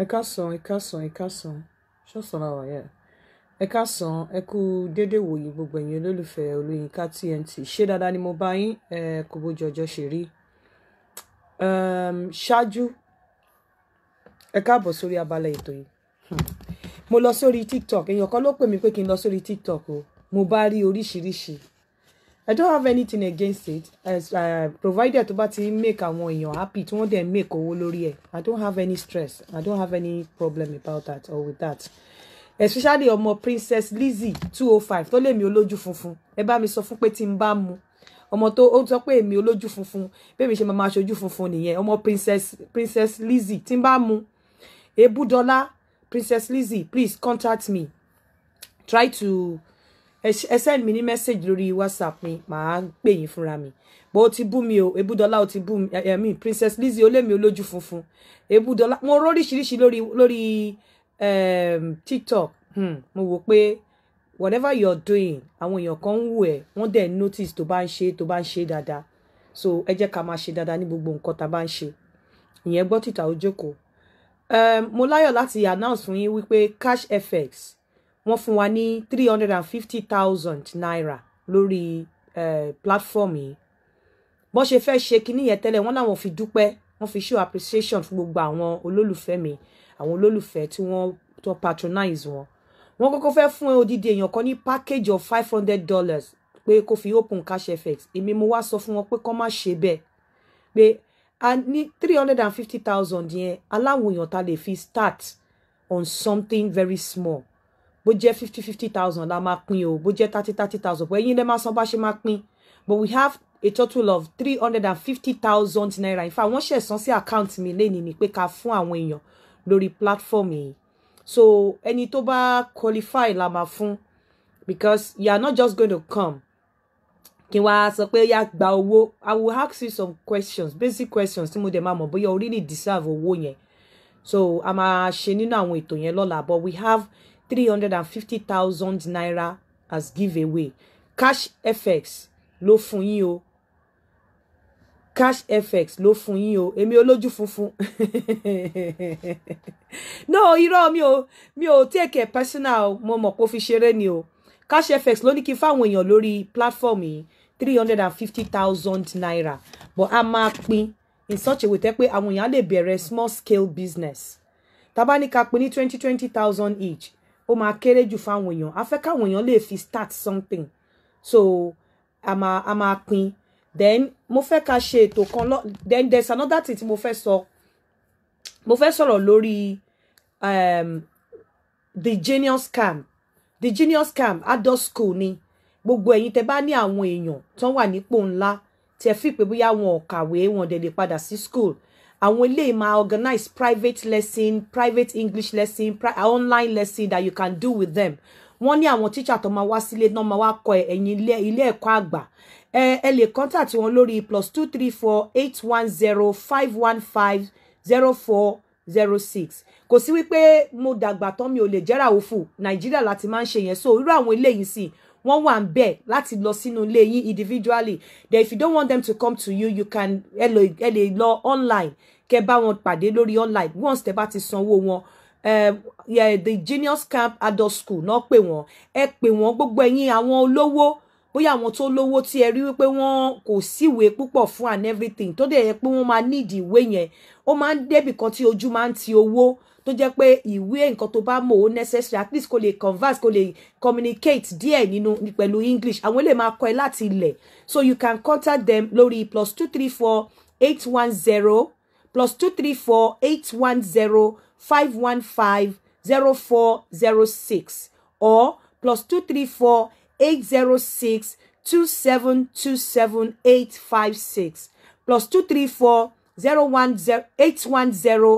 ẹ káàsán ẹ káàsán ẹ káàsán ṣọ́ọ̀sán la wa yẹn ẹ káàsán ẹ kú déédéé wòye gbogbo ẹ̀yin olólùfẹ́ olóyinka TNT ṣé dáadáa ni mo bá yín ẹ kò bójú ọjọ́ ṣe rí ehm, ṣáájú ẹ káàbọ̀ sórí abala ètò yìí mo lọ sórí TikTok èèyàn kan ló pè mí pé kí n lọ sórí TikTok o mo bá rí oríṣiríṣi I don't have anything against it as uh, provided tó bá ti make àwọn èèyàn happy tí wọ́n dẹ̀ make owó lórí ẹ̀ I don't have any stress I don't have any problem about that or with that especially ọmọ Princess Lizzie two oh five tó lè mi olójú funfun ẹ bá mi sọ fún pé tí n bá mu ọmọ tó ó sọ pé èmi olójú funfun bẹ́ẹ̀mi ṣe máa ṣojú funfun nìyẹn ọmọ Princess Princess Lizzie tí n bá mu ebúdọ́lá Princess Lizzie, please contact me try to ẹ send mi ní message lórí whatsapp mi màá pè yín fúnra mi bó o ti bú mi o ebúdọlá o ti bú mi ẹ mi princess Lizzie olémi olójú funfun ebúdọlá mo róríṣiríṣi lórí lórí ehm, tiktok hmm, mo wò pé whatever you're doing àwọn èèyàn kan ń wù ẹ wọ́n dẹ̀ notice tó bá ń ṣe tó bá ń ṣe dáadáa so ẹ jẹ́ ká máa ṣe dáadáa ní gbogbo nǹkan tá a bá ń ṣe ìyẹn gbọ́ títà ojókòó ehm, mo láyọ̀ láti announce fún yín wípé cash fx wọ́n fún wa ní three hundred and fifty thousand naira lórí platform yìí bọ́n ṣe fẹ́ ṣe kinní yẹn tẹ́lẹ̀ wọ́n láwọn fi dúpẹ́ wọ́n fi show appreciation fún gbogbo àwọn olólùfẹ́ mi àwọn olólùfẹ́ tí wọ́n tó patronize wọn wọ́n kọ́kọ́ fẹ́ fún odidi èèyàn kan ní package of five hundred dollars pé kó fi open cash fx èmi mo wá sọ fún wọn pé kọ́ má ṣe bẹ́ẹ̀ pé a ní three hundred and fifty thousand yẹn aláwọ̀ èèyàn ta lè fi start on something very small bó jẹ́ fifty fifty thousand la máa pín o bó jẹ́ thirty thirty thousand bó ẹ̀yin lè máa san bá ṣe máa pín but we have a total of three hundred and fifty thousand naira in fact wọ́n ṣẹ̀ san sí account mi lẹ́ni ni pé ká fún àwọn èèyàn lórí platform yìí so ẹni tó bá qualify la máa fún because you are not just going to come kí n wá sọ pé yá gba owó i will ask you some questions basic questions tí mo dẹ̀ máa mọ̀ bóyá o really deserve owó yẹn so a máa ṣe nínú àwọn ètò yẹn lọ́la but we have three hundred and fifty thousand naira as giveaway cash fx lo fún yín o cash fx lo fún yín o èmi olójú funfun no irọ́ mi ò mi ò take a personal momo mọ̀ kó fi ṣeré ni o cash fx ló ní kí n fáwọn èèyàn lórí platform yìí three hundred and fifty thousand naira but a máa pín in such a way tẹ́ pé àwọn èèyàn lè bẹ̀rẹ̀ small scale business tá bá ní ni pín twenty twenty thousand each ó máa kéré jù fáwọn èèyàn a fẹ́ káwọn èèyàn lè fi start something so a máa a máa then mo fẹ́ ká ṣe ètò kan lọ then there's another thing tí mo fẹ́ sọ mo fẹ́ sọ̀rọ̀ lórí um, the genius camp the genius camp adult school ni gbogbo ẹ̀yin tẹ́ bá ní àwọn èèyàn tán wà nípò ńlá tẹ́ fi pé bóyá wọn ò kàwé wọn dẹ̀ lè padà sí school àwọn eléyìí máa organize private lesson private english lesson pri online lesson that you can do with them wọ́n ní àwọn teacher tó máa wá sílé náà máa wá kọ ẹ̀yìn ilé ẹ̀kọ́ àgbà ẹ ẹ lè contact wọn lórí plus two three four eight one zero five one five zero four zero six kò sí wípé mo dàgbà tán mi ò lè jẹ́ràwó fún nàìjíríà láti máa ń ṣe yẹn so irú àwọn eléyìí sì wọ́n wà ń bẹ̀ láti lọ sínú ilé yín individually then if you don't want them to come to you you can ẹ lè lọ online kẹ bá wọn pàdé lórí online once tẹ bá ti sanwó wọn eh, yeah, the Genius Camp adult school náà pè wọ́n ẹ pè wọ́n gbogbo ẹ̀yin àwọn olówó bóyá àwọn tó lówó tí ẹ rí wípé wọ́n kò síwèé púpọ̀ fún and everything tó dẹ̀ yẹ pé wọ́n máa nídìí ìwé yẹn ó máa ń débì kan tí ojú máa ń ti owó tó jẹ́ pé ìwé nǹkan tó bá mọ̀ ó necessary at least kó lè converse kó lè communicate díẹ̀ nínú pẹ̀lú english àwọn eléyìí máa kọ́ ẹ láti ilẹ̀ so you can contact them lórí plus two three four eight one zero plus two three four eight one zero five one five zero four zero six or plus two three four eight zero six two seven two seven eight five six plus two three four zero one zero eight one zero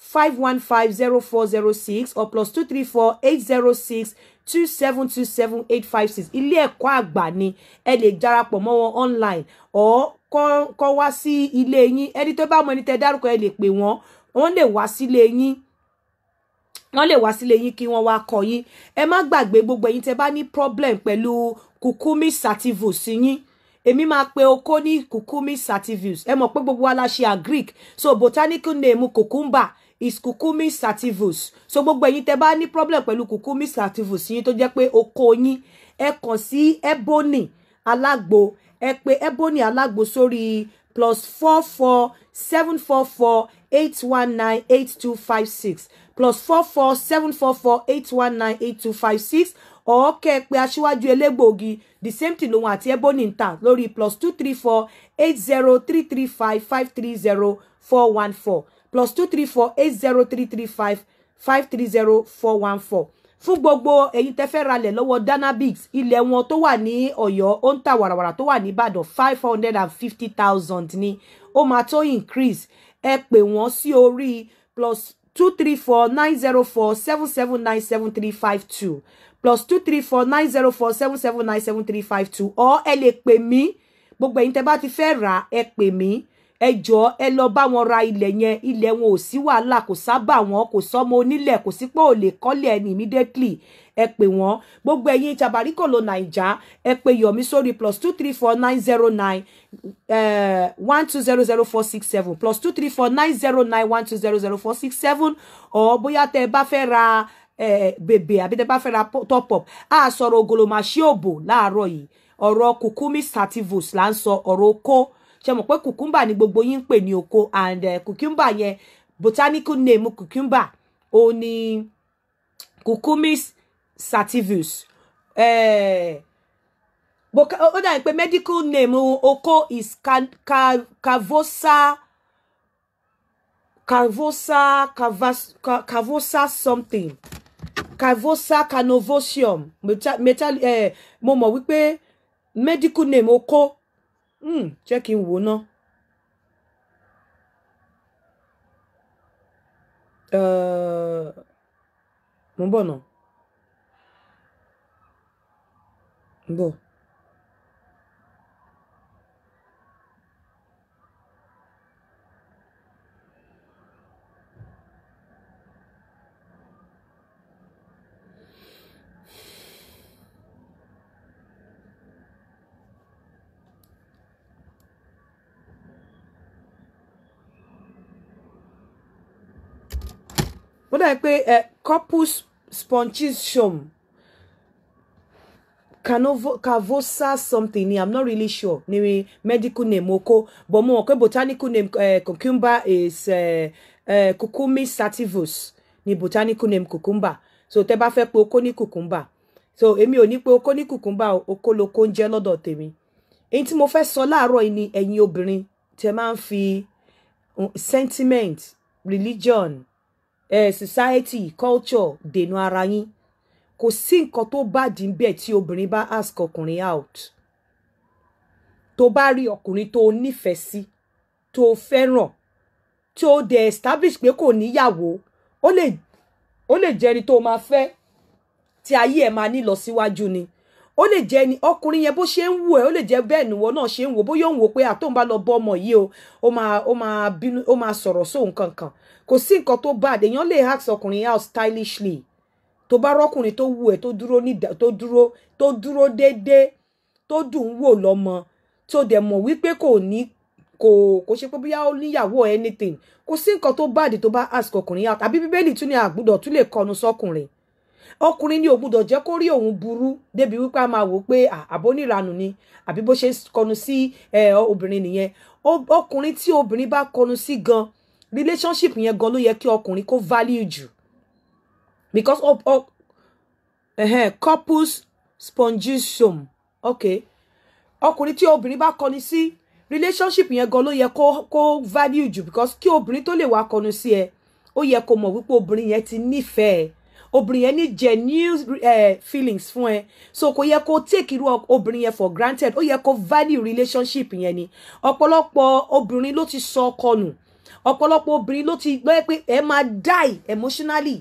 5150406 or plus 2348062727856 ilé ẹ̀kọ́ àgbà ni ẹ lè darapọ̀ mọ́ wọn online or kọ́ wá sí ilé yín ẹni tó bá mọ ẹni tẹ́ dárúkọ ẹ lè pè wọ́n wọ́n lè wá sílé yín wọ́n lè wá sílé yín kí wọ́n wá kọ́ yín ẹ má gbàgbé gbogbo ẹ̀yin tẹ́ bá ní problem pẹ̀lú kukumi sativus yín èmi máa pe oko ní kùkúmí sativus ẹ mọ̀ pé gbogbo wa la ṣe agric so botanical name cucumber is kukumi sativus so gbogbo ẹ̀yin tẹ́ bá ní problem pẹ̀lú kukumi sativus yín tó jẹ́ pé oko yín ẹ kàn sí ebony alágbo ẹ pè ebony alágbo sórí plus four four seven four four eight one nine eight two five six plus four four seven four four eight one nine eight two five six ọ̀ọ́kẹ́ pé aṣíwájú elégbòogi the same thing lòun àti ebony ń tà plus two three four eight zero three three five five three zero four one four plus two three four eight zero three three five five three zero four one four fún gbogbo ẹ̀yin tẹ́ fẹ́ ralẹ̀ lọ́wọ́ Danabigs ilẹ̀ wọn tó wà ní Ọ̀yọ́ ó ń ta wàràwàrà tó wà ní Ìbàdàn five hundred and fifty thousand ni ó máa tó increase ẹ pè wọ́n sí orí plus two three four nine zero four seven seven nine seven three five two plus two three four nine zero four seven seven nine seven three five two or ẹ lè pè mí gbogbo ẹ̀yin tẹ́ bá ti fẹ́ rà ẹ pè mí ẹ jọ̀ọ́ ẹ lọ bá wọn ra ilẹ̀ yẹn ilẹ̀ wọn ò sí wàhálà kò sábà wọn kò sọ́mọ onílẹ̀ kò sí pé ò lè kọ́lé ẹni immediately ẹ pè wọ́n gbogbo ẹ̀yin tabaríkòlò nàìjà ẹ pè yọ̀mí sórí plus two three four nine zero nine one two zero zero four six seven plus two three four nine zero nine one two zero zero four six seven ọ̀ bóyá tẹ ẹ bá fẹ́ ra bèbè àbí tẹ bá fẹ́ ra top up a sọ̀rọ̀ ògòlòmọ̀ṣẹ́ òbò láàárọ̀ yìí ọ̀rọ̀ kùkúmí sativus là ń sọ ọ̀rọ̀ okó ṣe mọ̀ pé cucumber ni gbogbo yín ń pè ní oko and uh, cucumber yẹn botanical name cucumber ó ní cucumis sativus eh, ó dàbí pé medical name oko is carvosa carvosa carvosa something cavosa canovosium metal eh, mo mọ̀ wípé medical name oko hmm jẹ́ kí n wò ná. mo ń bọ̀ ná. ń bọ̀. like pé ẹ eh, corpus spongiosum cavosa something ni i'm not really sure ni medical name oko but mo mọ̀ pé botanical name uh, cucumber is uh, uh, sativus ni botanical name cucumber so tẹ́ bá fẹ́ pé oko ní cucumber so èmi ò ní pé oko ní cucumber oko loko ń jẹ́ lọ́dọ̀ tèmi èyí tí mo fẹ́ sọ láàárọ̀ yìí ni ẹ̀yin obìnrin tẹ́ máa ń fi sentiment religion eh, society culture dènà ara yín kò sí nǹkan tó bàdí ń bẹ̀ tí obìnrin bá ask ọkùnrin out tó bá rí ọkùnrin tó nífẹ̀ẹ́ sí tó fẹ́ràn tó dẹ̀ establish pé kò níyàwó ó lè jẹ́ni tó máa fẹ́ tí ayé ẹ̀ máa ní lọ síwájú ni ó lè jẹ́ ni ọkùnrin yẹn bó ṣe ń wù ẹ́ ó lè jẹ́ bẹ́ẹ̀ níwọ náà ṣe ń wò bóyá òun wò pé àtòun bá lọ bọ ọmọ yìí o ó máa ó máa bínú ó máa sọ̀rọ̀ sóun kankan kò sí nǹkan tó bad èèyàn lè ask ọkùnrin out stylishly tó bá rọ́kùnrin tó wù ẹ́ tó dúró ní tó dúró tó dúró déédéé tó dùn wò lọ́mọ tó dẹ̀ mọ̀ wípé kò ní kò kò ṣe pé bóyá ó níyàwó anything kò sí nǹkan tó bad tó bá ask ọkùnrin out àbí bíbélì tún ní àgbúdọ̀ tún lè kọnu sọkùnrin ọkùnrin ní ògbúdọ̀ jẹ́ kó rí òun burú débi wípé a máa wò pé àbó níranù ni àbí bó ṣe kọnu sí obìnrin nìyẹn ọkùnrin tí obìnrin bá kọnu sí gan relationship yẹn gan ló yẹ kí ọkùnrin kó value jù because of, of uh, couples spongisome okay ọkùnrin tí obìnrin bá kọnu sí relationship yẹn gan ló yẹ kó kó value jù because kí obìnrin tó lè wá kọnu sí ẹ ó yẹ kó mọ̀ wípé obìnrin yẹn ti nífẹ̀ẹ́ obìnrin yẹn ní genuine uh, feelings fún ẹ so kò yẹ kó take irú obìnrin yẹn for granted ó yẹ kó value relationship yẹn ni ọ̀pọ̀lọpọ̀ obìnrin ló ti sọ ọkọ nù ọ̀pọ̀lọpọ̀ obìnrin ló ti gbọ́ pé ẹ máa die emotionally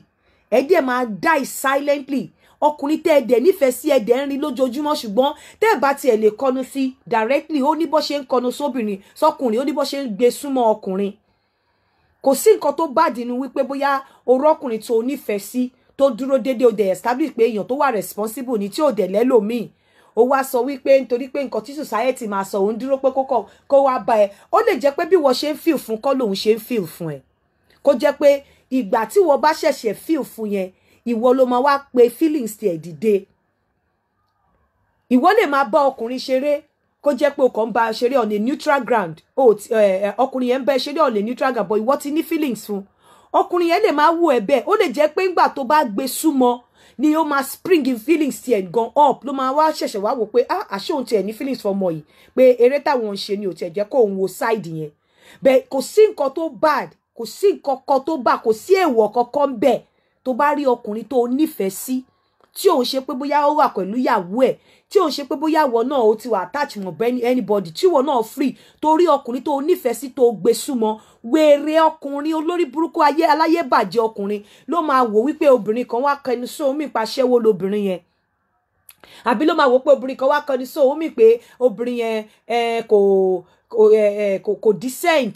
ẹ dẹ̀ máa die silently ọkùnrin tẹ́ ẹ dẹ̀ nífẹ̀ẹ́ sí ẹ dẹ̀ ń rí lójoojúmọ́ ṣùgbọ́n tẹ́ ẹ bá tiẹ̀ lè kọnu sí directly ó ní bó ṣe ń kọnu sóbìnrin sọkùnrin ó ní bó ṣe ń gbé súnmọ́ ọkùnrin kò sí nǹkan tó bàdí nu wípé bóyá orọ́kùnrin tó nífẹ̀ẹ́ sí tó dúró déédéé ó dẹ̀ establish pé èèyàn tó wà responsible ni tí ò dẹ̀ lẹ́lòmíì ó wá sọ wípé nítorí pé nǹkan tí society máa sọ òun dúró pé kókọ kó wá bá ẹ ó lè jẹ́ pé bí wọ́n ṣe ń feel fún kọ́ lòun ṣe ń feel fún ẹ kó jẹ́ pé ìgbà tí wọ́n bá ṣẹ̀ṣẹ̀ feel fún yẹn ìwọ ló máa wá pe feelings tiẹ̀ dìde ìwọ lè máa bá ọkùnrin ṣeré kó jẹ́ pé o kàn ń bá ṣeré on a neutral ground eh, eh, ọkùnrin yẹn ń bá ṣeré on a neutral ground but ìwọ ti ní feelings fún un ọkùnrin yẹn lè máa wò ẹ́ bẹ́ẹ̀ ó lè jẹ́ pé ńgbà tó bá gbé súnmọ́ ni ó máa spring in feelings tiẹ̀ gan up ló máa wá ṣẹ̀ṣẹ̀ wá wò pé ah àṣé òun tiẹ̀ ní feelings fọmọ yìí pé eré táwọn ń ṣe ni ò tiẹ̀ jẹ́ kó òun wo side yẹn bẹ́ẹ̀ kò sí nǹkan tó bad kò sí nǹkan kan tó bad kò sí èèwọ̀ kankan bẹ́ẹ̀ tó bá rí ọkùnrin tó nífẹ̀ẹ́ sí tí òun ṣe pé bóyá ó wà pẹ̀lú ìyàwó ẹ̀ tí ò ń ṣe pé bóyá ìwọ náà o ti wà attach mọ́ anybody tí ìwọ náà free torí ọkùnrin tó nífẹ̀ẹ́ sí tó gbé súnmọ́ wèrè ọkùnrin olórí burúkú ayé aláyébàjẹ́ ọkùnrin ló máa wò wípé obìnrin kan wá kẹnu sóhun mi pàṣẹwó lobìnrin yẹn àbí ló máa wò pé obìnrin kan wá kẹnu sóhun mi pé obìnrin yẹn kò kò kò decent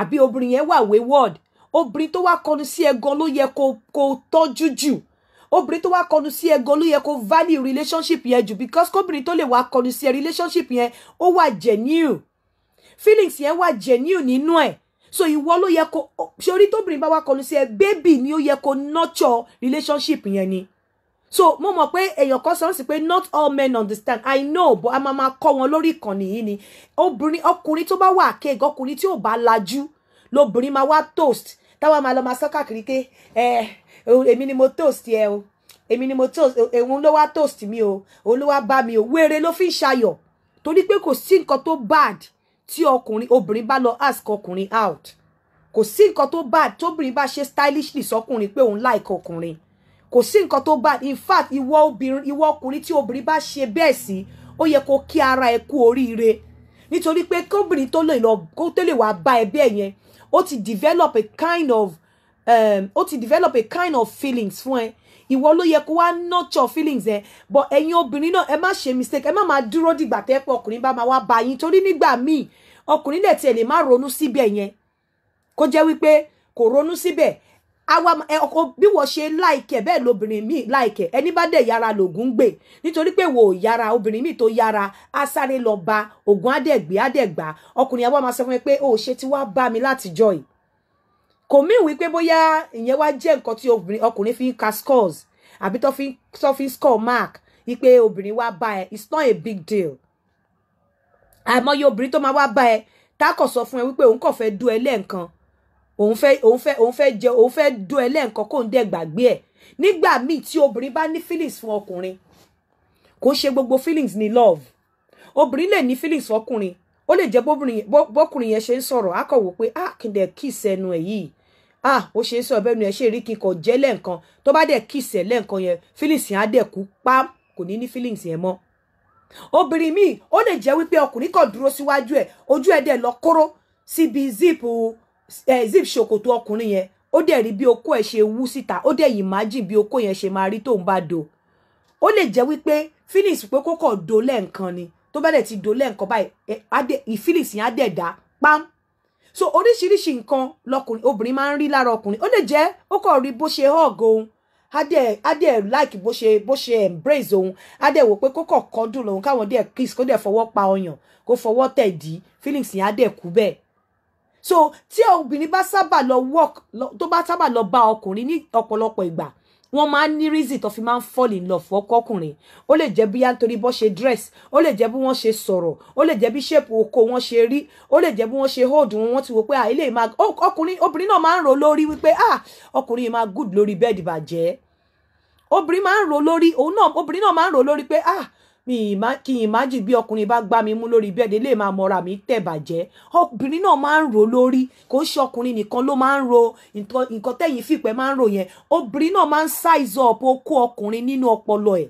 àbí obìnrin yẹn wà wayward obìnrin tó wá kọnu sí ẹ gan ló yẹ kó kó tọ́jú jù obìnrin tó wá kọnu sí ẹ gan ló yẹ kó value relationship yẹn jù because kóbìnrin tó lè wá kọnu sí ẹ relationship yẹn ó wà genuine feelings yẹn wà genuine nínú ẹ so ìwọ ló yẹ kó ṣorí tóbìnrin bá wá kọnu sí ẹ baby ni ó yẹ kó nurture relationship yẹn ni so mo mọ̀ pé èèyàn kan sọ sí pé not all men understand i know but a máa máa kọ́ wọn lórí ìkànnì yìí ni obìnrin ọkùnrin tó bá wà kéèké ọkùnrin tí ò bá lajú lobìnrin máa wá toast táwa máa lọ máa sọ káàkiri pé ẹ eh, èmi ni mo toast ẹ o èmi ni mo toast e, òun ló wá toast mi o òun ló wá bá mi o wéré ló fi ń ṣayọ̀ torí pé kò sí nǹkan tó bad tí ọkùnrin obìnrin bá lọ ask ọkùnrin out kò sí nǹkan tó bad tóbìnrin bá ṣe stylishly sọkùnrin pé òun like ọkùnrin kò sí nǹkan tó bad in fact ìwọ obìnrin ìwọ ọkùnrin tí obìnrin bá ṣe bẹ́ẹ̀ sí ó yẹ kó kí ara ẹ kú oríire nítorí pé kóbìnrin tó lè lọ kó tó lè wàá bá ẹ bẹ́ẹ̀ yẹn ó ti develop a kind of um, ó ti develop a kind of feelings fún ẹ ìwọ ló yẹ kó wá nurture feelings ẹ but ẹ̀yin obìnrin náà ẹ má ṣe mistake ẹ má máa dúró dìgbà tẹ́ pé ọkùnrin bá máa wá bá yín torí nígbà míì ọkùnrin lè tiẹ̀ lè má ronú síbẹ̀ yẹn kó jẹ́ wípé kò ronú síbẹ̀ àwa ọkọ bí wọ́n ṣe láìkẹ̀ bẹ́ẹ̀ lobìnrin míì láìkẹ̀ ẹni bá dẹ̀ yára lògùn gbè nítorí pé wò ó yára obìnrin míì tó yára á sáré lọ ba ògùn adẹ̀gbé adẹ̀gbà ọkùnrin àwa máa sọ fún mi pé ó ṣe ti wá bá mi látijọ́ yìí kò mí wípé bóyá ìyẹn wá jẹ́ nǹkan tí ọkùnrin fi ń ka scores àbí tó fi ń tó fi ń score mark wípé obìnrin wá bá ẹ it's not a big deal àmọye obìnrin tó máa wá bá ẹ tákọ sọ fún ẹ wípé òun kàn fẹ́ dú ẹ lẹ́ẹ̀kan òun fẹ́ òun fẹ́ òun fẹ́ jẹ òun fẹ́ dú ẹ lẹ́ẹ̀kan kó ń dẹ gbàgbé ẹ nígbà míì tí obìnrin bá ní feelings fún ọkùnrin kò ṣe gbogbo feelings ní love obìnrin lè ní feelings fọkùnrin ó lè jẹ bóbìnrin bọkùnrin yẹn ṣe ń sọ̀rọ̀ akọwò pé ah kìndẹ kí ìsẹnu ẹ yìí ah ó ṣe é sọ bẹ́ẹ̀ ni ẹ ṣe rí kí n kò jẹ́ lẹ́ǹkan tó bá dẹ̀ kí ìsẹ̀ lẹ́ǹkan yẹn feelings yẹn á dẹ̀ kú pam kò ní ní feelings yẹn mọ́ obìnrin míì ó lè jẹ́ wípé ọkùnrin kan dúró síwájú ẹ̀ ojú ẹ̀ dẹ̀ lọ kóró síbi zip eh, zip ṣòkòtò ọkùnrin yẹn ó dẹ̀ rí bí okó ẹ̀ ṣe wú síta ó dẹ̀ imagine bí okó yẹn ṣe máa rí tóun bá do ó lè jẹ́ wípé feelings pé kókò do lẹ́ǹkan ni tó bá dẹ̀ ti do lẹ́ǹkan báyìí feelings yẹn á dẹ̀ dá pam so oríṣiríṣi nǹkan lọkùnrin obìnrin máa ń rí lára ọkùnrin ó lè jẹ́ ó kàn rí bó ṣe hug òun adé adé like bó ṣe bó ṣe embrace òun adé wò pé kó kàn kọdùn lòun káwọn díẹ̀ kiss kó dẹ̀ fọwọ́ pa ọyàn kó fọwọ́ tẹ̀ dí feelings yẹn adé kú bẹ́ẹ̀ so tí obìnrin bá sábà lọ work tó bá sábà lọ bá ọkùnrin ní ọ̀pọ̀lọpọ̀ ìgbà wọ́n máa ń ní reason tó fi máa ń fall in love fọ́kọ́kùnrin ó lè jẹ́ bí nítorí bó ṣe dress ó lè jẹ́ bí wọ́n ṣe sọ̀rọ̀ ó lè jẹ́ bí shape oko wọ́n ṣe rí ó lè jẹ́ bí wọ́n ṣe hold wọn wọ́n ti wò pé à ilé ìmá ọkùnrin obìnrin náà máa ń ro lórí wípé ah ọkùnrin yìí máa good lórí bẹ́ẹ̀dì bàjẹ́ obìnrin máa ń ro lórí òun náà obìnrin náà máa ń ro lórí pé ah mi ìmá kí ìmájì bí ọkùnrin bá gbá mi mú lórí bẹ́ẹ̀dẹ̀ lè máa mọra mi tẹ̀ bàjẹ́ obìnrin náà máa ń rò lórí kò ṣe ọkùnrin nìkan ló máa ń rò nǹkan tẹ̀yìn fìpẹ́ máa ń rò yẹn obìnrin náà máa ń size up okó ọkùnrin nínú ọpọlọ ẹ̀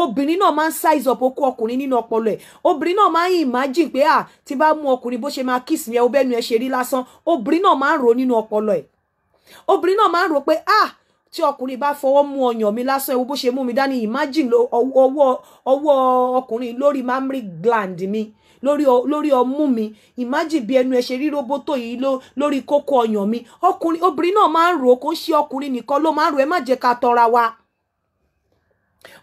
obìnrin náà máa ń size up okó ọkùnrin nínú ọpọlọ ẹ̀ obìnrin náà máa ń imagine pé à ah, tí bá mú ọkùnrin bó ṣe máa kiss mi ẹ obẹ́nu ẹ ṣe rí lásán obìnrin náà máa ń ro nínú ọpọlọ ẹ̀ obìnrin náà máa ń rò pé ah tí ọkùnrin bá fọwọ́ mú ọyàn mi lásán ewu bó ṣe mú mi dání imagine ọwọ́ ọwọ́ ọkùnrin lórí mammary gland mi lórí lórí ọmú mi imagine bí ẹnu ẹ ṣe rí roboto yìí lórí kókó ọyàn mi ọkùnrin obìnrin náà máa ń rò ó kó ń ṣe ọkùnrin nìkan ló máa ń rò ẹ má jẹ́ ká tọra wa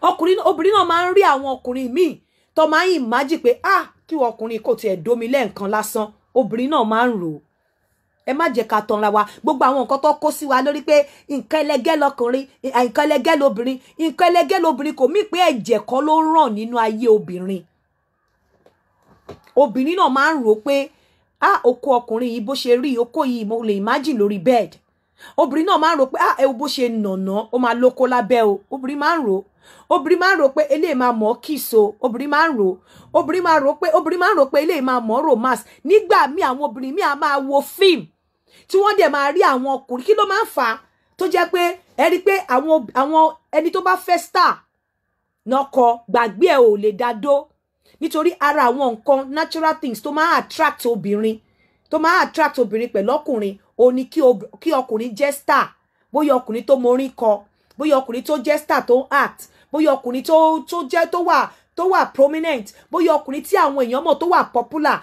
ọkùnrin obìnrin náà máa ń rí àwọn ọkùnrin míì tó máa ń imagine pé ah kí ọkùnrin kò tiẹ̀ domi lẹ́ẹ̀kan lásán obìnrin náà máa ń rò ó ẹ je jẹ́ ká tanra wa gbogbo àwọn nǹkan tó kó sí wa lórí pé nǹkan ẹlẹgẹ́ lọkùnrin nǹkan ẹlẹgẹ́ lobìnrin nǹkan ẹlẹgẹ́ lobìnrin kò mí pé ẹ̀jẹ̀ kan ló ràn nínú ayé obìnrin obìnrin náà máa ń rò ah okó ọkùnrin yìí bó ṣe rí okó yìí mo lè imagine lórí bed obìnrin náà máa ń rò ah ẹ wo bó ṣe nànà ó máa lóko o obìnrin máa ń rò obìnrin máa ń ele pé mo kiso mọ̀ kìso obìnrin máa ń rò obìnrin máa ń rò pé obìnrin máa ń rò pé eléyìí máa mọ̀ romance nígbà míì àwọn obìnrin míì á máa wo fíìmù tí wọ́n dẹ̀ máa rí àwọn ọkùnrin kí ló máa ń fà á tó jẹ́ pé ẹ rí i pé àwọn àwọn ẹni tó bá fẹ́ star nọkọ gbàgbé ẹ ò lè dá dó nítorí ara àwọn nǹkan natural things tó máa attract obìnrin tó máa attract obìnrin pẹ̀lú ọkùnrin ó ní kí ọkùnrin jẹ́ star bóyá ọkùnrin tó morin kọ bóyá ọkùnrin tó jẹ́ star tó act bóyá ọkùnrin tó tó jẹ́ tó wà tó wà prominent bóyá ọkùnrin tí àwọn èèyàn mọ̀ tó wà popular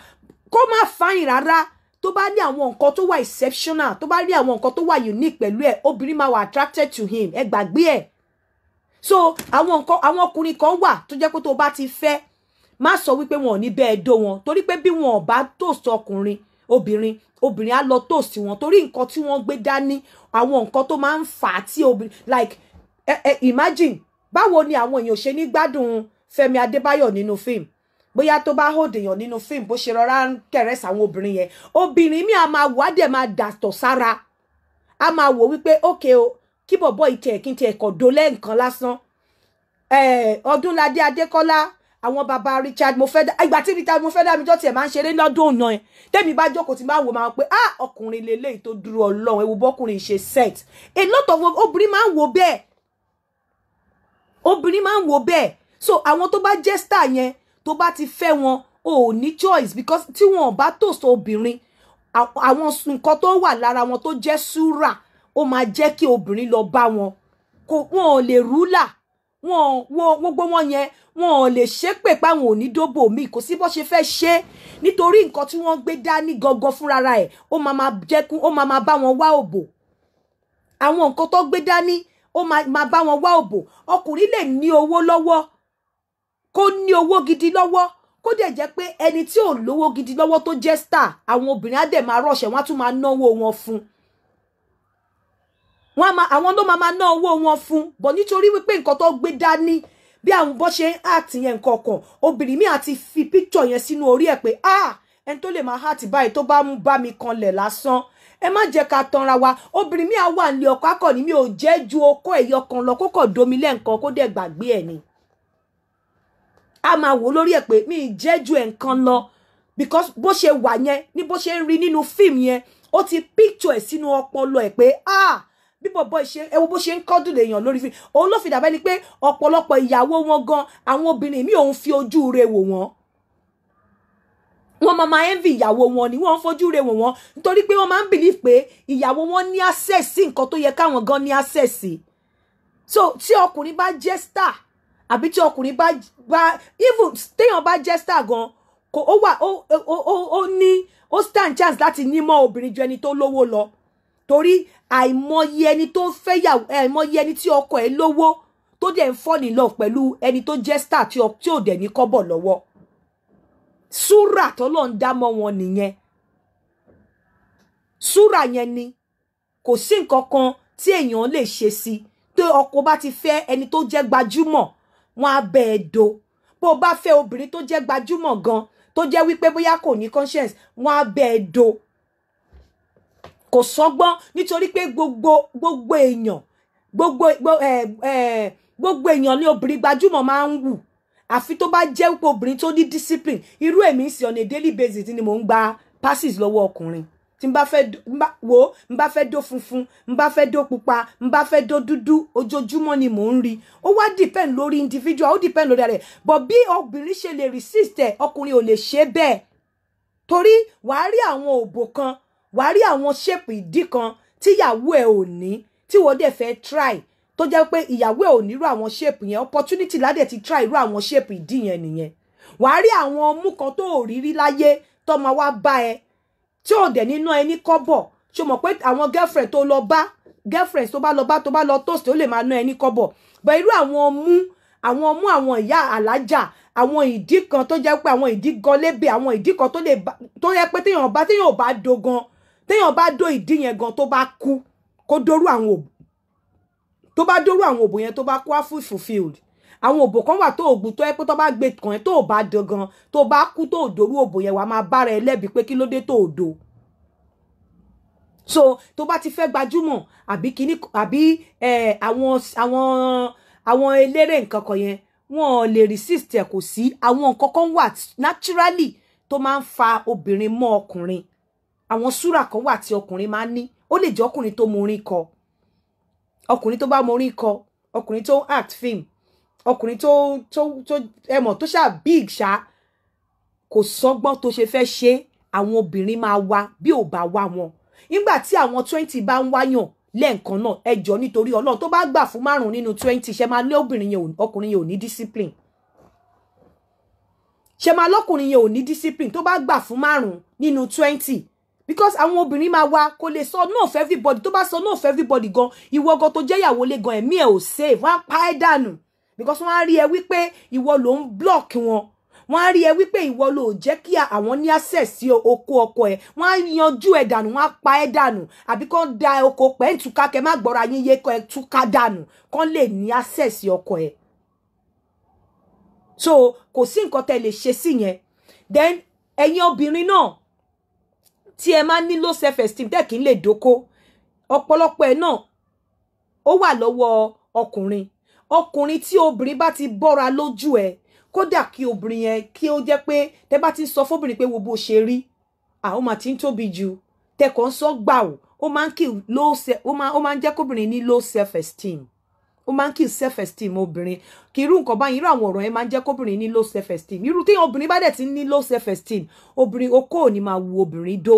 kó má fáyìn rárá tó bá ní àwọn nǹkan tó wà exceptional tó bá rí àwọn nǹkan tó wà unique pẹ̀lú ẹ̀ obìnrin máa wà attracted to him ẹ gbàgbé ẹ̀ so àwọn nǹkan àwọn ọkùnrin kan wà tó jẹ́ pé tó bá ti fẹ́ má sọ wípé wọn ò ní bẹ́ẹ̀ dó wọn torí pé bí wọn ò bá tòsí ọkùnrin obìnrin obìnrin á lọ tòsí wọn torí nǹkan tí wọ́n gbé dání àwọn nǹkan tó máa ń fà á tí obìnrin like eh, eh, imagine báwo ni àwọn èèyàn ṣe ní gbádùn Fẹ́mi Adébáyọ̀ nínú fíìmù bóyá tó bá hold èèyàn nínú fíìmù bó ṣe rọra ń kẹrẹsì àwọn obìnrin yẹn obìnrin mi a máa wò á dẹ̀ máa dàtọ̀ sára a máa wò wípé ókè o kí bọ̀bọ̀ ìtẹ̀ kí n tiẹ̀ kọ̀ dolẹ̀ nǹkan lásán Ọdúnládé Adékọ́lá àwọn baba Richard Mofẹ́dá ìgbà tí Richard Mofẹ́dá mi jọ tiẹ̀ máa ń ṣeré lọ́dún ọ̀nà ẹ̀ tẹ́mi bá jókòó tí máa wò máa pé ah ọkùnrin lélẹ́yìí tó dúró ọlọ́run ewu bọ́kùnrin ṣe set a lot of obìnrin máa ń wò bẹ́ẹ̀ obìnrin máa ń wò bẹ́ẹ̀ so àwọn tó bá jẹ́ star yẹn tó bá ti fẹ́ wọn o ní choice because tí wọn ò bá tòṣe obìnrin àwọn nǹkan tó wà lára wọn tó jẹ́ súrà ó máa jẹ́ kí obìnrin lọ bá wọn kò wọn ò lè rúlà wọn wọn gbogbo wọn yẹn wọn ò lè ṣépè páwọn ò ní dóbò míì kò sí bó ṣe fẹ́ ṣe nítorí nǹkan tí wọ́n gbé dání gangan fúnra ẹ̀ ó máa máa jẹ́kú ó máa máa bá wọn wá òbò àwọn nǹkan tó gbé dání ó máa bá wọn wá òbò ọkùnrin lè ní owó lọ́wọ́ kó ní owó gidi lọ́wọ́ kó dẹ̀ jẹ́ pé ẹni tí ò lówó gidi lọ́wọ́ tó jẹ́ star àwọn obìnrin á dẹ̀ máa rọ̀ṣẹ̀ wọ́n á tún máa náwó wọn fún wọn á máa àwọn ló máa máa ná owó wọn fún bọ̀ nítorí wípé nǹkan tó gbé dání bí àwọn bó ṣe ń àtì yẹn nǹkan kan obìnrin mi àti fi picture yẹn sínú orí ẹ̀ pé ah ẹni tó lè máa hàtì báyìí tó bá ń bá mi kanlẹ̀ lásán ẹ má jẹ́ ká tanra wa obìnrin mi àwa nílé ọkọ akọni mi ò jẹ́ ju okó ẹ̀yọ kan lọ kó domi lẹ́ǹkan kó dẹ̀ gbàgbé ẹ̀ ni a máa wò lórí ẹ̀ pé mi ì jẹ́ ju ẹ̀ǹkan lọ because bó ṣe wà yẹn ní bó ṣe ń rí nínú fíìmù yẹn ó ti picture ẹ̀ sínú ọpọlọ ẹ̀ pé ah bí bọ̀bọ̀ ṣe ẹ wo bó ṣe ń kọ́dùn lèèyàn lórí fíìmù òun ló fi dàbẹ́ ni pé ọ̀pọ̀lọpọ̀ ìyàwó wọn gan àwọn obìnrin mi òun fi ojú re wò wọ́n wọn máa máa envy ìyàwó wọn ni wọn fojú re wò wọ́n nítorí pé wọ́n máa ń believe pé ìyàwó wọn ní access sí nǹkan tó yẹ káwọn gan ní access sí so tí ọkùnrin bá jẹ́ star àbí tí ọkùnrin bá bá even téèyàn bá jẹ́ star gan kò ó wà ó ó ó ní ó stand chance láti nímọ̀ obìnrin ju ẹni tó lówó lọ torí àìmọye ẹni tó fẹ́yàwó àìmọye ẹni tí ọkọ ẹ̀ lówó tó dẹ̀ ń fall in love pẹ̀lú ẹni tó jẹ́ star tí ò dẹ̀ ní kọ́bọ̀ lọ́wọ́ súrà tọ́lọ́ ń dámọ́ wọn nìyẹn súrà yẹn ni kò sí nǹkan kan tí èèyàn lè ṣe sí tó ọkọ bá ti fẹ́ ẹni tó jẹ́ gbajúmọ̀ wọ́n á bẹ́ ẹ do bó o bá fẹ́ obìnrin tó jẹ́ gbajúmọ̀ gan tó jẹ́ wípé bóyá kò ní conscience wọ́n á bẹ́ ẹ do kò sọ́gbọ́n nítorí pé gbogbo gbogbo èèyàn gbogbo ẹ ẹ eh, eh, gbogbo èèyàn ni obìnrin gbajúmọ̀ máa ń wù àfi tó bá jẹ́ wípé obìnrin tó ní discipline irú èmi ń on a daily basis ni mò ń gba passes lọ́wọ́ ọkùnrin tí n bá fẹ́ wo n bá fẹ́ dó funfun n bá fẹ́ dó pupa n bá fẹ́ dó dúdú ojoojúmọ́ ni mò ń rí ó wá depend lórí individual ó depend lórí rẹ̀ but bí obìnrin ṣe le resist ẹ̀ ọkùnrin ò lè ṣe bẹ́ẹ̀ torí wàá rí àwọn òbò kan wàá rí àwọn ṣépù ìdí kan tíyàwó ẹ̀ ò ní tí wọ́n dẹ̀ fẹ́ try tó jẹ́ pé ìyàwó ẹ̀ ò nírú àwọn ṣépù yẹn opportunity ládẹ̀ ti try irú àwọn ṣépù ìdí yẹn nìyẹn wàá rí àwọn ọmú kan tó ò rí rí láyé tó máa wá bá ẹ tí ò dẹ̀ nínú ẹni kọ́bọ̀ ṣe mọ̀ pé àwọn girlfriend tó lọ bá girlfriend tó bá lọ bá tó bá lọ toast ó lè máa ná ẹni kọ́bọ̀ bẹ̀ irú àwọn ọmú àwọn ọmú àwọn ìyá alájà àwọn ìdí kan tó jẹ́ pé àwọn ìdí gan lébè àwọn ìdí kan tó yẹ pé téèyàn bá téèyàn bá do gan téèyàn bá do ìdí yẹn gan tó bá kú kó dórú àwọn òbò tó bá dórú àwọn òbò yẹn tó bá kú á fulfilled àwọn òbò kan wà tó ògùn tó ẹ pé tó bá gbé kàn ẹ tó bá dangan tó bá kú tó òdòrú òbò yẹn wàá máa bára ẹ lẹ́bi pé kí ló dé tó òdo so tó bá ti fẹ́ gbajúmọ̀ àbí kíní àbí àwọn àwọn àwọn eléré nǹkan kan yẹn wọn ò lè resist ẹ kò sí àwọn nǹkan kan wà naturally tó máa ń fa obìnrin mọ́ ọkùnrin àwọn súrà kan wà tí ọkùnrin máa ń ní ó lè jẹ́ ọkùnrin tó mọ orin kọ ọkùnrin tó bá mọ orin kọ ọkùnrin tó act film ọkùnrin tó tó tó ẹmọ tó ṣáà big ṣá kò sọ́gbọ́n tó ṣe fẹ́ ṣe àwọn obìnrin máa wá bí ò bá wá wọn nígbà tí àwọn twenty bá ń wáyàn lẹ́ẹ̀kan náà ẹjọ́ nítorí ọlọ́run tó bá gbà fún márùn-ún nínú twenty ṣe máa lé obìnrin yẹn ọkùnrin yẹn ò ní discipline ṣe máa lọ́kùnrin yẹn ò ní discipline tó bá gbà fún márùn-ún nínú twenty because àwọn obìnrin máa wá kó lè sọ no for everybody tó bá sọ no for everybody gan ìwọ gan tó jẹ́ ìyàwó lé gan ẹ̀mí ẹ̀ ò save wọ́n á pa ẹ́ dànù because wọ́n á rí ẹ wípé ìwọ ló ń block wọn wọ́n á rí ẹ wípé ìwọ ló jẹ́ kí àwọn ní access sí oko ọkọ ẹ wọ́n á yanjú ẹ dànù wọ́n á pa ẹ dànù àbí kán da oko pẹ́ ń túká kẹ má gbọ́ra yín yé kẹ túká dànù kán lè ní access sí ọkọ ẹ so kò sí nǹkan tẹ́ lè ṣe sí yẹn then ẹ̀yin obìnrin náà tí ẹ máa ní low self esteem tẹ́ kì í lè dóko ọ̀pọ̀lọpọ̀ ẹ̀ náà ó wà lọ́wọ́ ọkùnrin ọkùnrin tí obìnrin bá ti bọ́ra lójú ẹ kódà kí obìnrin yẹn kí ó jẹ́ pé tẹ bá ti sọ fóbìnrin pé wo bó ṣe rí àwọn màá ti ń tóbi ju tẹkọ̀ ń sọ gbà ó máa ń kí low se ó máa ó máa ń jẹ́ kóbìnrin ní low self esteem ó máa ń kí self esteem obìnrin kì irú nǹkan báyìí irú àwọn ọ̀rọ̀ yẹn máa ń jẹ́ kóbìnrin ní low self esteem irú tí obìnrin bá dẹ̀ ti ní low self esteem obìnrin okó ò ní máa wu obìnrin dó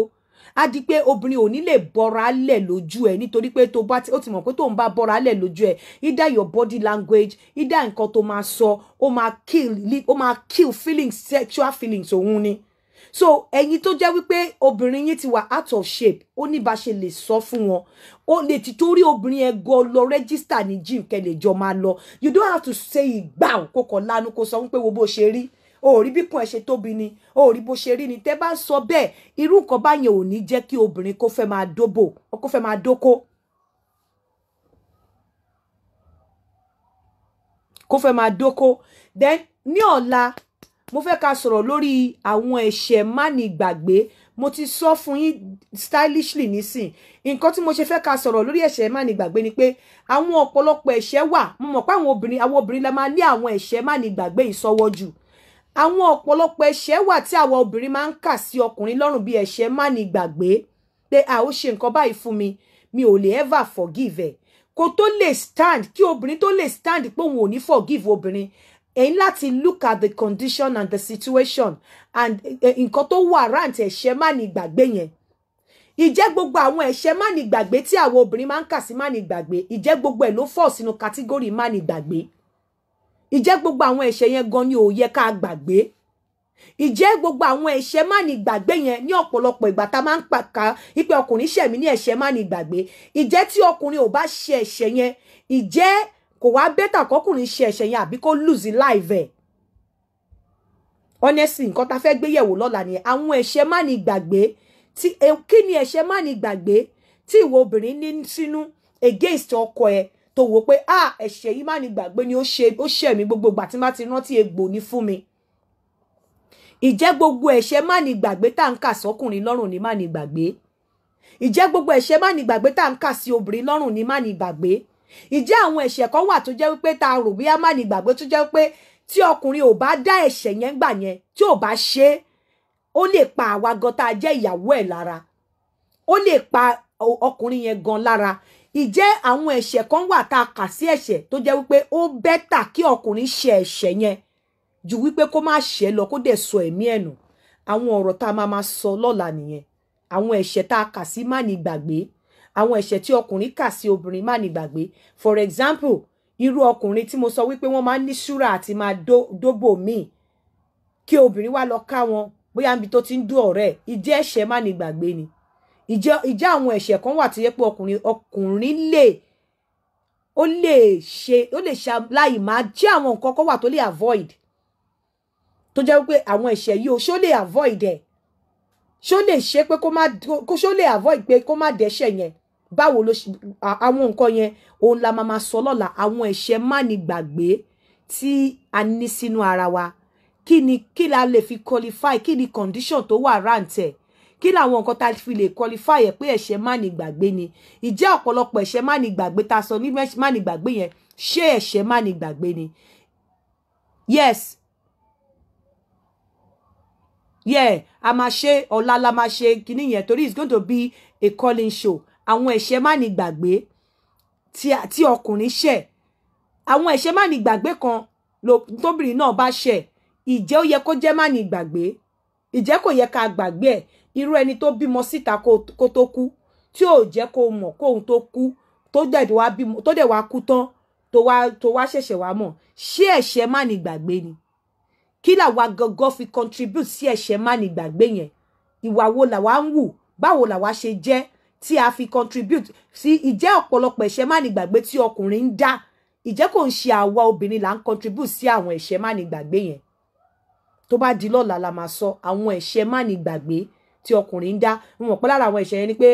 á di pé obìnrin ò ní lè bọ́ra lẹ̀ lójú ẹ̀ nítorí pé tó bá ó ti mọ̀ pé tó ń bá bọ́ra lẹ̀ lójú ẹ̀ either your body language either nǹkan tó máa sọ ó máa kill ó máa kill feelings sexual feelings òun ni so ẹ̀yin tó jẹ́ wípé obìnrin yín ti wà out of shape ó ní bá ṣe lè sọ fún wọn ó lè ti torí obìnrin ẹgọ lọ rẹ́gísítà ní gym lè jọ máa lọ you don't have to say ìgbà kó kọ lánàá kó sọ wípé wo bó ṣe rí o rí bí kùn ẹ̀ ṣe tóbi ni o rí bó ṣe rí ni tẹ́ bá ń sọ bẹ́ẹ̀ irú nǹkan báyẹn ò ní jẹ́ kí obìnrin kó fẹ́ máa dóbò kó fẹ́ máa dóko kó fẹ́ máa dóko then ní ọ̀la mo fẹ́ ká sọ̀rọ̀ lórí àwọn ẹ̀ṣẹ̀ mánigbàgbé mo ti sọ fún yín stylishly nísìn nǹkan tí mo ṣe fẹ́ ká sọ̀rọ̀ lórí ẹ̀ṣẹ̀ mánigbàgbé ni pé àwọn ọ̀pọ̀lọpọ̀ ẹ̀ṣẹ̀ wà mo mọ̀ pé àwọn obìnrin àwọn obìnrin la máa ní àwọn ẹ̀ṣẹ̀ mánigbàgbé ìsọwọ́jù àwọn ọ̀pọ̀lọpọ̀ ẹ̀ṣẹ̀ wà tí àwa obìnrin máa ń kà sí ọkùnrin lọ́rùn bí ẹ̀ṣẹ̀ má ní gbàgbé pé a ó ṣe nǹkan báyìí fún mi mi ò lè ever forgive ẹ̀ kó tó lè stand kí obìnrin tó lè stand pé òun ò ní forgive obìnrin ẹ̀yin láti look at the condition and the situation and nǹkan tó wà rant ẹ̀ṣẹ̀ má ní gbàgbé yẹn ìjẹ́ gbogbo àwọn ẹ̀ṣẹ̀ má ní gbàgbé tí àwọn obìnrin máa ń kà sí má ní gbàgbé ìjẹ́ gbogbo ẹ̀ ló fọ̀ sínú kátígórì má ní gbàgbé ìjẹ́ gbogbo àwọn ẹ̀ṣẹ̀ yẹn gan ni ò yẹ ká gbàgbé ìjẹ́ gbogbo àwọn ẹ̀ṣẹ̀ má ní gbàgbé yẹn ní ọ̀pọ̀lọpọ̀ ìgbà tá a máa ń pàkà ipe ọkùnrin ṣẹ̀mí ní ẹ̀ṣẹ̀ má ní gbàgbé ìjẹ́ tí ọkùnrin ò bá ṣe ẹ̀ṣẹ̀ yẹn ìjẹ́ kò wá bẹ́tà kọkùnrin ṣe ẹ̀ṣẹ̀ yẹn àbí kó lùzí láìvẹ̀ honestly nǹkan tá fẹ́ gbé yẹ̀wò lọ́la ni àwọn ẹ̀ṣẹ̀ má ní gbàgbé tí kí ni ẹ̀ṣẹ̀ má ní gbàgbé tí ìwọ obìnrin ní sínú against ọkọ ẹ tó wò pé a ẹ̀ṣẹ̀ yìí má ní gbàgbé ni ó ṣe ó ṣẹ̀ mí gbogbo ìgbà tí má ti rántí egbò ní fún mi ìjẹ́ gbogbo ẹ̀ṣẹ̀ má ní gbàgbé tá ń kà sọ́kùnrin lọ́rùn ní má ní gbàgbé ìjẹ́ gbogbo ẹ̀ṣẹ̀ má ní gbàgbé tá ń kà sí obìnrin lọ́rùn ní má ní gbàgbé ìjẹ́ àwọn ẹ̀ṣẹ̀ kan wà tó jẹ́ wípé tá a rò bóyá má ní gbàgbé tó jẹ́ wípé tí ọkùnrin ò bá dá ẹ̀ṣẹ̀ yẹn gbà yẹn tí ò bá ṣe é ó lè pa àwa gan tá a jẹ́ ìyàwó ẹ̀ lára ó lè pa ọkùnrin yẹn gan lára ìjẹ́ àwọn ẹ̀ṣẹ̀ kan wà tá a kà sí ẹ̀ṣẹ̀ tó jẹ́ wípé ó bẹ́tà kí ọkùnrin ṣe ẹ̀ṣẹ̀ yẹn ju wípé kó má ṣe lọ kó dẹ̀ sọ ẹ̀mí ẹ̀ nù àwọn ọ̀rọ̀ tá a máa máa sọ lọ́la nìyẹn àwọn ẹ̀ṣẹ̀ tá a kà sí má ní gbàgbé àwọn ẹ̀ṣẹ̀ tí ọkùnrin kà sí obìnrin má ní gbàgbé for example irú ọkùnrin tí mo sọ wípé wọ́n máa ń ní ṣúra àti máa dógbò míì kí obìnrin wá lọ ká wọn bóyá níbi tó ti ń dún ọ̀rẹ́ ìjẹ́ ẹ̀ṣẹ̀ má ní gbàgbé ni ìjẹ́ ìjẹ́ àwọn ẹ̀ṣẹ̀ kan wà tó yẹ pé ọkùnrin ọkùnrin lè ó lè ṣe ó lè ṣàláì máa jẹ́ àwọn nǹkan kan wà tó lè avoid tó jẹ́ wípé àwọn ẹ̀ṣẹ̀ yìí o ṣó lè avoid ẹ̀ ṣó lè ṣe pé kó má kó ṣó lè avoid pé kó má dẹ́ṣẹ̀ yẹn báwo ló ṣe àwọn nǹkan yẹn òun la máa máa sọ lọ́la àwọn ẹ̀ṣẹ̀ má ní gbàgbé tí a ní sínú ara wa kí ni kí la lè fi qualify kí ni condition tó wà ráǹtẹ̀ kí làwọn nǹkan tá fi lè qualify ẹ̀ pé ẹ̀ṣẹ̀ mánigbàgbé ni ìjẹ́ ọ̀pọ̀lọpọ̀ ẹ̀ṣẹ̀ mánigbàgbé tá a sọ ní mánigbàgbé yẹn ṣé ẹ̀ṣẹ̀ mánigbàgbé ni yes yeah a máa ṣe ọ̀la la máa ṣe kinní yẹn torí it's going to be a calling show àwọn ẹ̀ṣẹ̀ mánigbàgbé tí ọkùnrin ṣẹ̀ àwọn ẹ̀ṣẹ̀ mánigbàgbé kan tóbìnrin náà bá ṣẹ̀ ìjẹ́ ó yẹ kó jẹ́ mánigbàgbé ìjẹ́ kò yẹ ká gbàgbé ẹ̀ irú ẹni tó bímọ síta kó tó kú tí ò jẹ́ kó mọ̀ kóun tó kú tó dẹ̀ wá bímọ tó dẹ̀ wá kú tán tó wá tó wá ṣẹ̀ṣẹ̀ wá mọ̀ ṣé ẹ̀ṣẹ̀ má ní gbàgbé ni kí làwa gangan fi contribute sí ẹ̀ṣẹ̀ má ní gbàgbé yẹn ìwà wo làwa ń wù báwo làwa ṣe jẹ́ tí a fi contribute sí ìjẹ́ ọ̀pọ̀lọpọ̀ ẹ̀ṣẹ̀ má ní gbàgbé tí ọkùnrin ń dá ìjẹ́ kò ń ṣe àwa obìnrin là ń contribute sí àwọn ẹ̀ṣẹ̀ má ní gbàgbé yẹn tó bá di lọ́la la máa sọ àwọn ẹ̀ṣẹ̀ má ní gbàgbé tí ọkùnrin ń dá wọn mọ̀ lára àwọn ẹ̀ṣẹ̀ yẹn ni pé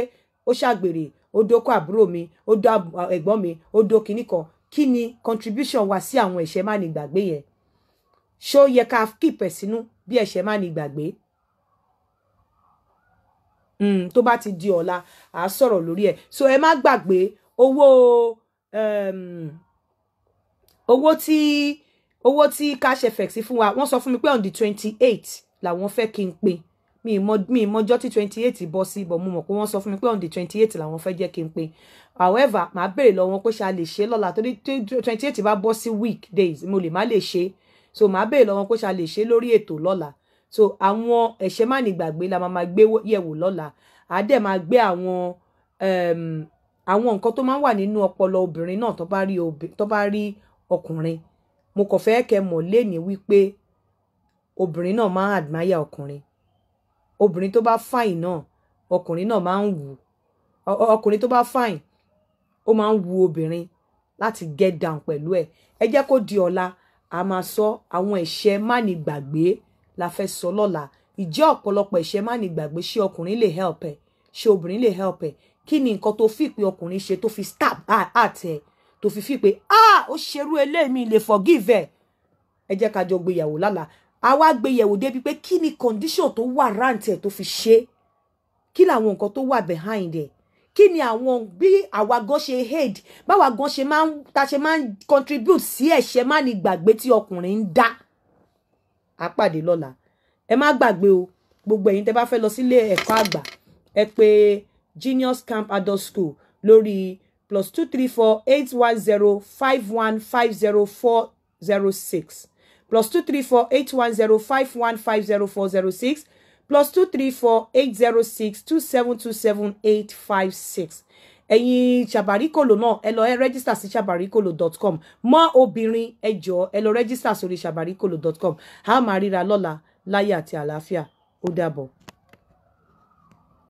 ó ṣàgbèrè ó dókó àbúrò mi ó dó ẹ̀gbọ́n mi ó dó kinní kan kí ni contribution wa sí àwọn ẹ̀ṣẹ̀ má ní gbàgbé yẹn ṣó yẹ ká kíìpẹ̀ sínú bí ẹ̀ṣẹ̀ má ní gbàgbé hmm, tó bá ti di ọ̀la à á sọ̀rọ̀ lórí ẹ̀ so ẹ má gbàgbé owó ehm, owó tí owó tí cash effects fún wa wọ́n sọ fún mi pé on the twenty eight làwọn fẹ́ kí n pín mi ìmọ̀ mi tí twenty eight bọ́ sí ibọ̀ mo mọ̀ pé wọ́n sọ fún mi pé on the twenty eight làwọn fẹ́ jẹ́ kí n pe however màá béèrè lọ wọn pé ṣe a lè ṣe lọ́la torí twenty eight bá bọ́ sí weekdays mo lè má lè ṣe so màá béèrè lọ wọn pé ṣe a lè ṣe lórí ètò lọ́la so àwọn ẹ̀ṣẹ̀ má ní gbàgbé la máa gbé yẹ̀wò lọ́la àádẹ́ máa gbé àwọn ehm, àwọn nǹkan tó máa ń wà nínú ọpọlọ obìnrin náà tó bá rí ọkùnrin mo kàn fẹ́ kẹ́ mọ̀ léèní wípé obìnrin náà máa ń admire ọkùnrin obìnrin tó bá fàìn náà ọkùnrin náà máa ń wù ọkùnrin tó bá fàìn ó máa ń wù obìnrin láti get down pẹ̀lú ẹ̀ ẹ jẹ́ kó di ọ̀la a máa sọ àwọn ẹ̀ṣẹ̀ mánigbàgbé la fẹ́ sọ lọ́la ìjẹ́ ọ̀pọ̀lọpọ̀ ẹ̀ṣẹ̀ mánigbàgbé ṣé ọkùnrin lè help ẹ̀ ṣé obìnrin lè help ẹ̀ kí ni nǹkan tó fi pé ọkùnrin ṣe tó fi stab at ẹ̀ tó fi fi pé ah ó ṣerú eléyìí mi lè forgive ẹ̀ ẹ jẹ́ ká jọ gbéyàwó lálàá a wá gbé yẹ̀wò débi pé kí ni condition tó wà rántí ẹ̀ tó fi ṣe kí làwọn nǹkan tó wà behind ẹ̀ kí ni àwọn bí àwa gan ṣe aid báwa gan ṣe máa ń ta ṣe máa ń contribute sí ẹ̀ṣẹ̀ má ní gbàgbé tí ọkùnrin ń dá a lọ́la ẹ má gbàgbé o gbogbo ẹ̀yin tẹ́ bá fẹ́ lọ sílé ẹ̀kọ́ àgbà ẹ pé Genius Camp Adult School lórí plus two three four eight one zero five one five zero four zero six plus two three four eight one zero five one five zero four zero six plus two three four eight zero six two seven two seven eight five six ẹ̀yin ṣàbáríkòlò náà ẹ lọ ẹ rẹ́gísítà sí ṣàbáríkòlò dot com mọ́ obìnrin ẹ jọ̀ọ́ ẹ lọ rẹ́gísítà sórí ṣàbáríkòlò dot com a máa ríra lọ́la láyé àti àlàáfíà ó dàbọ̀.